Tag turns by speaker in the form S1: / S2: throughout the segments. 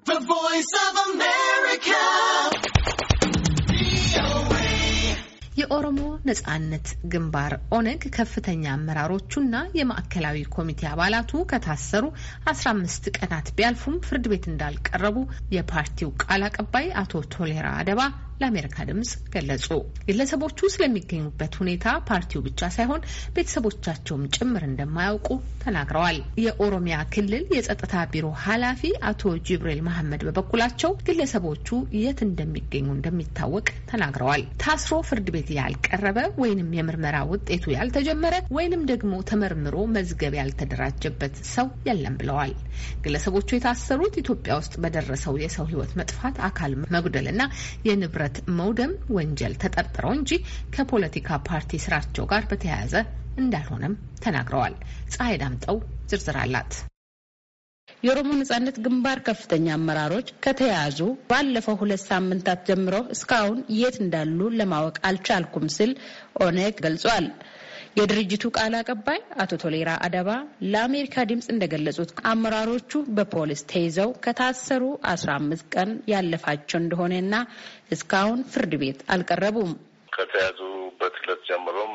S1: The Voice of America.
S2: የኦሮሞ ነጻነት ግንባር ኦነግ ከፍተኛ አመራሮቹና የማዕከላዊ ኮሚቴ አባላቱ ከታሰሩ 15 ቀናት ቢያልፉም ፍርድ ቤት እንዳልቀረቡ የፓርቲው ቃል አቀባይ አቶ ቶሌራ አደባ ለአሜሪካ ድምጽ ገለጹ። ግለሰቦቹ ስለሚገኙበት ሁኔታ ፓርቲው ብቻ ሳይሆን ቤተሰቦቻቸውም ጭምር እንደማያውቁ ተናግረዋል። የኦሮሚያ ክልል የጸጥታ ቢሮ ኃላፊ አቶ ጅብሪል መሐመድ በበኩላቸው ግለሰቦቹ የት እንደሚገኙ እንደሚታወቅ ተናግረዋል። ታስሮ ፍርድ ቤት ያልቀረበ ወይንም የምርመራ ውጤቱ ያልተጀመረ ወይንም ደግሞ ተመርምሮ መዝገብ ያልተደራጀበት ሰው የለም ብለዋል። ግለሰቦቹ የታሰሩት ኢትዮጵያ ውስጥ በደረሰው የሰው ሕይወት መጥፋት አካል መጉደልና የንብረት ንብረት መውደም ወንጀል ተጠርጥረው እንጂ ከፖለቲካ ፓርቲ ስራቸው ጋር በተያያዘ እንዳልሆነም ተናግረዋል። ፀሐይ ዳምጠው ዝርዝር አላት።
S3: የኦሮሞ ነጻነት ግንባር ከፍተኛ አመራሮች ከተያያዙ ባለፈው ሁለት ሳምንታት ጀምሮ እስካሁን የት እንዳሉ ለማወቅ አልቻልኩም ሲል ኦነግ ገልጿል። የድርጅቱ ቃል አቀባይ አቶ ቶሌራ አደባ ለአሜሪካ ድምፅ እንደገለጹት አመራሮቹ በፖሊስ ተይዘው ከታሰሩ አስራ አምስት ቀን ያለፋቸው እንደሆነና እስካሁን ፍርድ ቤት አልቀረቡም።
S1: ከተያዙበት ዕለት ጀምሮም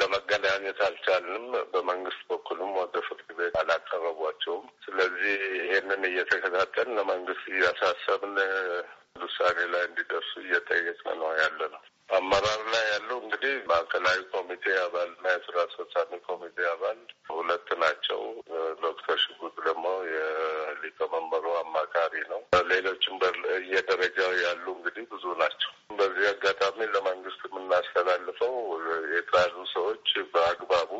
S1: ለመገናኘት አልቻልንም። በመንግስት በኩልም ወደ ፍርድ ቤት አላቀረቧቸውም። ስለዚህ ይሄንን እየተከታተል ለመንግስት እያሳሰብን ውሳኔ ላይ እንዲደርሱ እየጠየቅን ነው ያለ ነው። አመራር ላይ ያለው እንግዲህ ማዕከላዊ ኮሚቴ አባል እና የስራ አስፈጻሚ ኮሚቴ አባል ሁለት ናቸው። ዶክተር ሽጉጥ ደግሞ የሊቀመንበሩ አማካሪ ነው። ሌሎችም በየደረጃው
S3: ያሉ እንግዲህ ብዙ ናቸው። በዚህ አጋጣሚ ለመንግስት የምናስተላልፈው የተያዙ ሰዎች በአግባቡ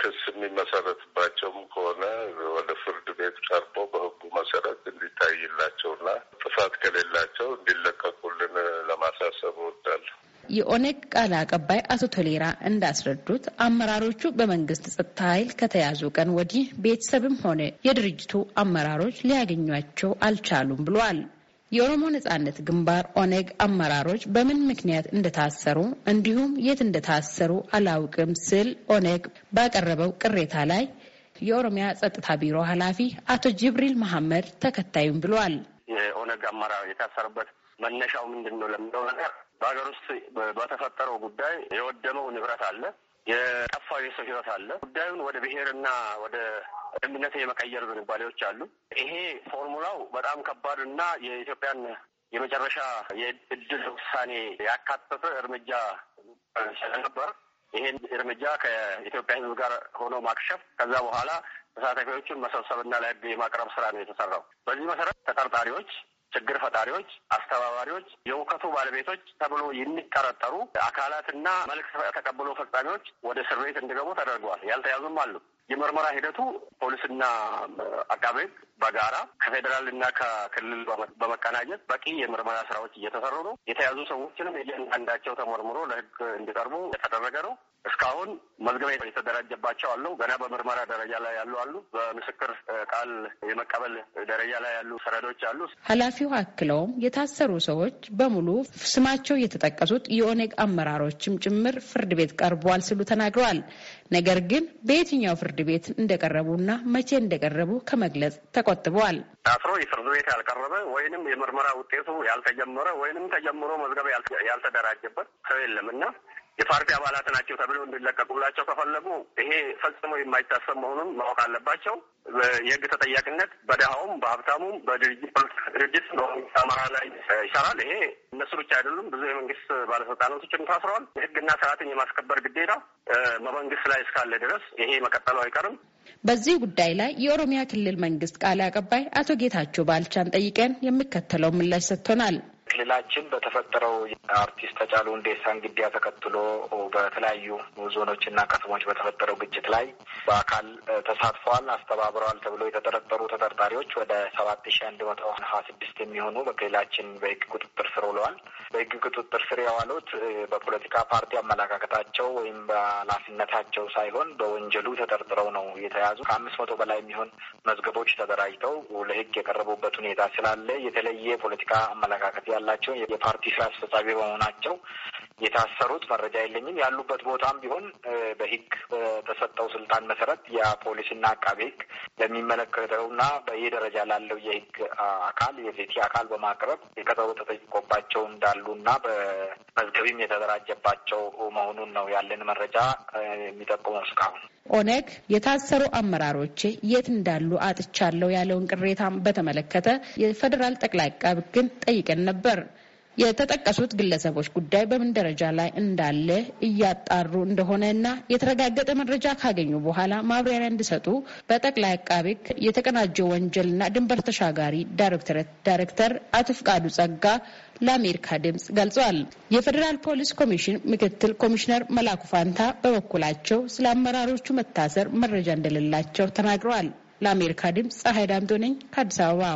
S3: ክስ የሚመሰረትባቸውም ከሆነ ወደ ፍርድ ቤት ቀርቦ በሕጉ መሰረት እንዲታይላቸውና ጥፋት ከሌላቸው እንዲለቀቁልን ለማሳሰብ እወዳለሁ። የኦነግ ቃል አቀባይ አቶ ቶሌራ እንዳስረዱት አመራሮቹ በመንግስት ጸጥታ ኃይል ከተያዙ ቀን ወዲህ ቤተሰብም ሆነ የድርጅቱ አመራሮች ሊያገኟቸው አልቻሉም ብሏል። የኦሮሞ ነጻነት ግንባር ኦነግ አመራሮች በምን ምክንያት እንደታሰሩ እንዲሁም የት እንደታሰሩ አላውቅም ስል ኦነግ ባቀረበው ቅሬታ ላይ የኦሮሚያ ጸጥታ ቢሮ ኃላፊ አቶ ጅብሪል መሐመድ ተከታዩም ብሏል።
S1: የኦነግ አመራር የታሰሩበት መነሻው ምንድን ነው ለሚለው ነገር በሀገር ውስጥ በተፈጠረው ጉዳይ የወደመው ንብረት አለ፣ የጠፋው የሰው ህይወት አለ። ጉዳዩን ወደ ብሔርና ወደ እምነት የመቀየር ዝንባሌዎች አሉ። ይሄ ፎርሙላው በጣም ከባድ እና የኢትዮጵያን የመጨረሻ የእድል ውሳኔ ያካተተ እርምጃ ስለነበር ይሄን እርምጃ ከኢትዮጵያ ህዝብ ጋር ሆኖ ማክሸፍ ከዛ በኋላ ተሳታፊዎቹን መሰብሰብና ለሕግ የማቅረብ ስራ ነው የተሰራው። በዚህ መሰረት ተጠርጣሪዎች ችግር ፈጣሪዎች፣ አስተባባሪዎች፣ የውከቱ ባለቤቶች ተብሎ የሚጠረጠሩ አካላትና መልክ ተቀብሎ ፈጻሚዎች ወደ እስር ቤት እንዲገቡ ተደርገዋል። ያልተያዙም አሉ። የምርመራ ሂደቱ ፖሊስና አቃቤ ሕግ በጋራ ከፌዴራል እና ከክልል በመቀናጀት በቂ የምርመራ ስራዎች እየተሰሩ ነው። የተያዙ ሰዎችንም እያንዳንዳቸው ተመርምሮ ለሕግ እንዲቀርቡ የተደረገ ነው። እስካሁን መዝገባ የተደራጀባቸው አሉ። ገና በምርመራ ደረጃ ላይ ያሉ አሉ። በምስክር ቃል
S3: የመቀበል ደረጃ ላይ ያሉ ሰነዶች አሉ። ኃላፊው አክለውም የታሰሩ ሰዎች በሙሉ ስማቸው የተጠቀሱት የኦነግ አመራሮችም ጭምር ፍርድ ቤት ቀርቧል ሲሉ ተናግረዋል። ነገር ግን በየትኛው ፍርድ ቤት እንደቀረቡና መቼ እንደቀረቡ ከመግለጽ ተቆጥበዋል።
S1: ታስሮ የፍርድ ቤት ያልቀረበ ወይንም የምርመራ ውጤቱ ያልተጀመረ ወይንም ተጀምሮ መዝገብ ያልተደራጀበት ሰው የለም እና የፓርቲ አባላት ናቸው ተብሎ እንዲለቀቁላቸው ከፈለጉ ይሄ ፈጽሞ የማይታሰብ መሆኑን ማወቅ አለባቸው። የህግ ተጠያቂነት በድሃውም በሀብታሙም በድርጅት አመራ ላይ ይሰራል። ይሄ እነሱ ብቻ አይደሉም፣ ብዙ የመንግስት ባለስልጣናቶችም ታስረዋል። የህግና ስርዓትን የማስከበር ግዴታ በመንግስት ላይ እስካለ ድረስ ይሄ መቀጠሉ
S4: አይቀርም።
S3: በዚህ ጉዳይ ላይ የኦሮሚያ ክልል መንግስት ቃል አቀባይ አቶ ጌታቸው ባልቻን ጠይቀን የሚከተለው ምላሽ ሰጥቶናል።
S4: ክልላችን በተፈጠረው አርቲስት ተጫሉ ሁንዴሳን ግድያ ተከትሎ በተለያዩ ዞኖችና ከተሞች በተፈጠረው ግጭት ላይ በአካል ተሳትፈዋል፣ አስተባብረዋል ተብሎ የተጠረጠሩ ተጠርጣሪዎች ወደ ሰባት ሺ አንድ መቶ ሀያ ስድስት የሚሆኑ በክልላችን በህግ ቁጥጥር ስር ውለዋል። በህግ ቁጥጥር ስር የዋሉት በፖለቲካ ፓርቲ አመለካከታቸው ወይም በኃላፊነታቸው ሳይሆን በወንጀሉ ተጠርጥረው ነው የተያዙ። ከአምስት መቶ በላይ የሚሆን መዝገቦች ተደራጅተው ለህግ የቀረቡበት ሁኔታ ስላለ የተለየ ፖለቲካ አመለካከት ያላቸው የፓርቲ ስራ አስፈጻሚ በመሆናቸው የታሰሩት መረጃ የለኝም። ያሉበት ቦታም ቢሆን በህግ በተሰጠው ስልጣን መሰረት የፖሊስና አቃቤ ህግ ለሚመለከተውና ደረጃ ላለው የህግ አካል የዜቲ አካል በማቅረብ የቀጠሮ ተጠይቆባቸው እንዳሉና በመዝገብም የተደራጀባቸው መሆኑን ነው ያለን መረጃ የሚጠቁመው እስካሁን
S3: ኦነግ የታሰሩ አመራሮች የት እንዳሉ አጥቻለሁ ያለውን ቅሬታም በተመለከተ የፌዴራል ጠቅላይ አቃቤ ህግን ጠይቀን ነበር። የተጠቀሱት ግለሰቦች ጉዳይ በምን ደረጃ ላይ እንዳለ እያጣሩ እንደሆነ እና የተረጋገጠ መረጃ ካገኙ በኋላ ማብራሪያ እንዲሰጡ በጠቅላይ አቃቤ የተቀናጀ ወንጀልና ድንበር ተሻጋሪ ዳይሬክቶሬት ዳይሬክተር አቶ ፍቃዱ ጸጋ ለአሜሪካ ድምጽ ገልጿል። የፌዴራል ፖሊስ ኮሚሽን ምክትል ኮሚሽነር መላኩ ፋንታ በበኩላቸው ስለ አመራሮቹ መታሰር መረጃ እንደሌላቸው ተናግረዋል። ለአሜሪካ ድምፅ ፀሐይ ዳምጦ ነኝ ከአዲስ አበባ።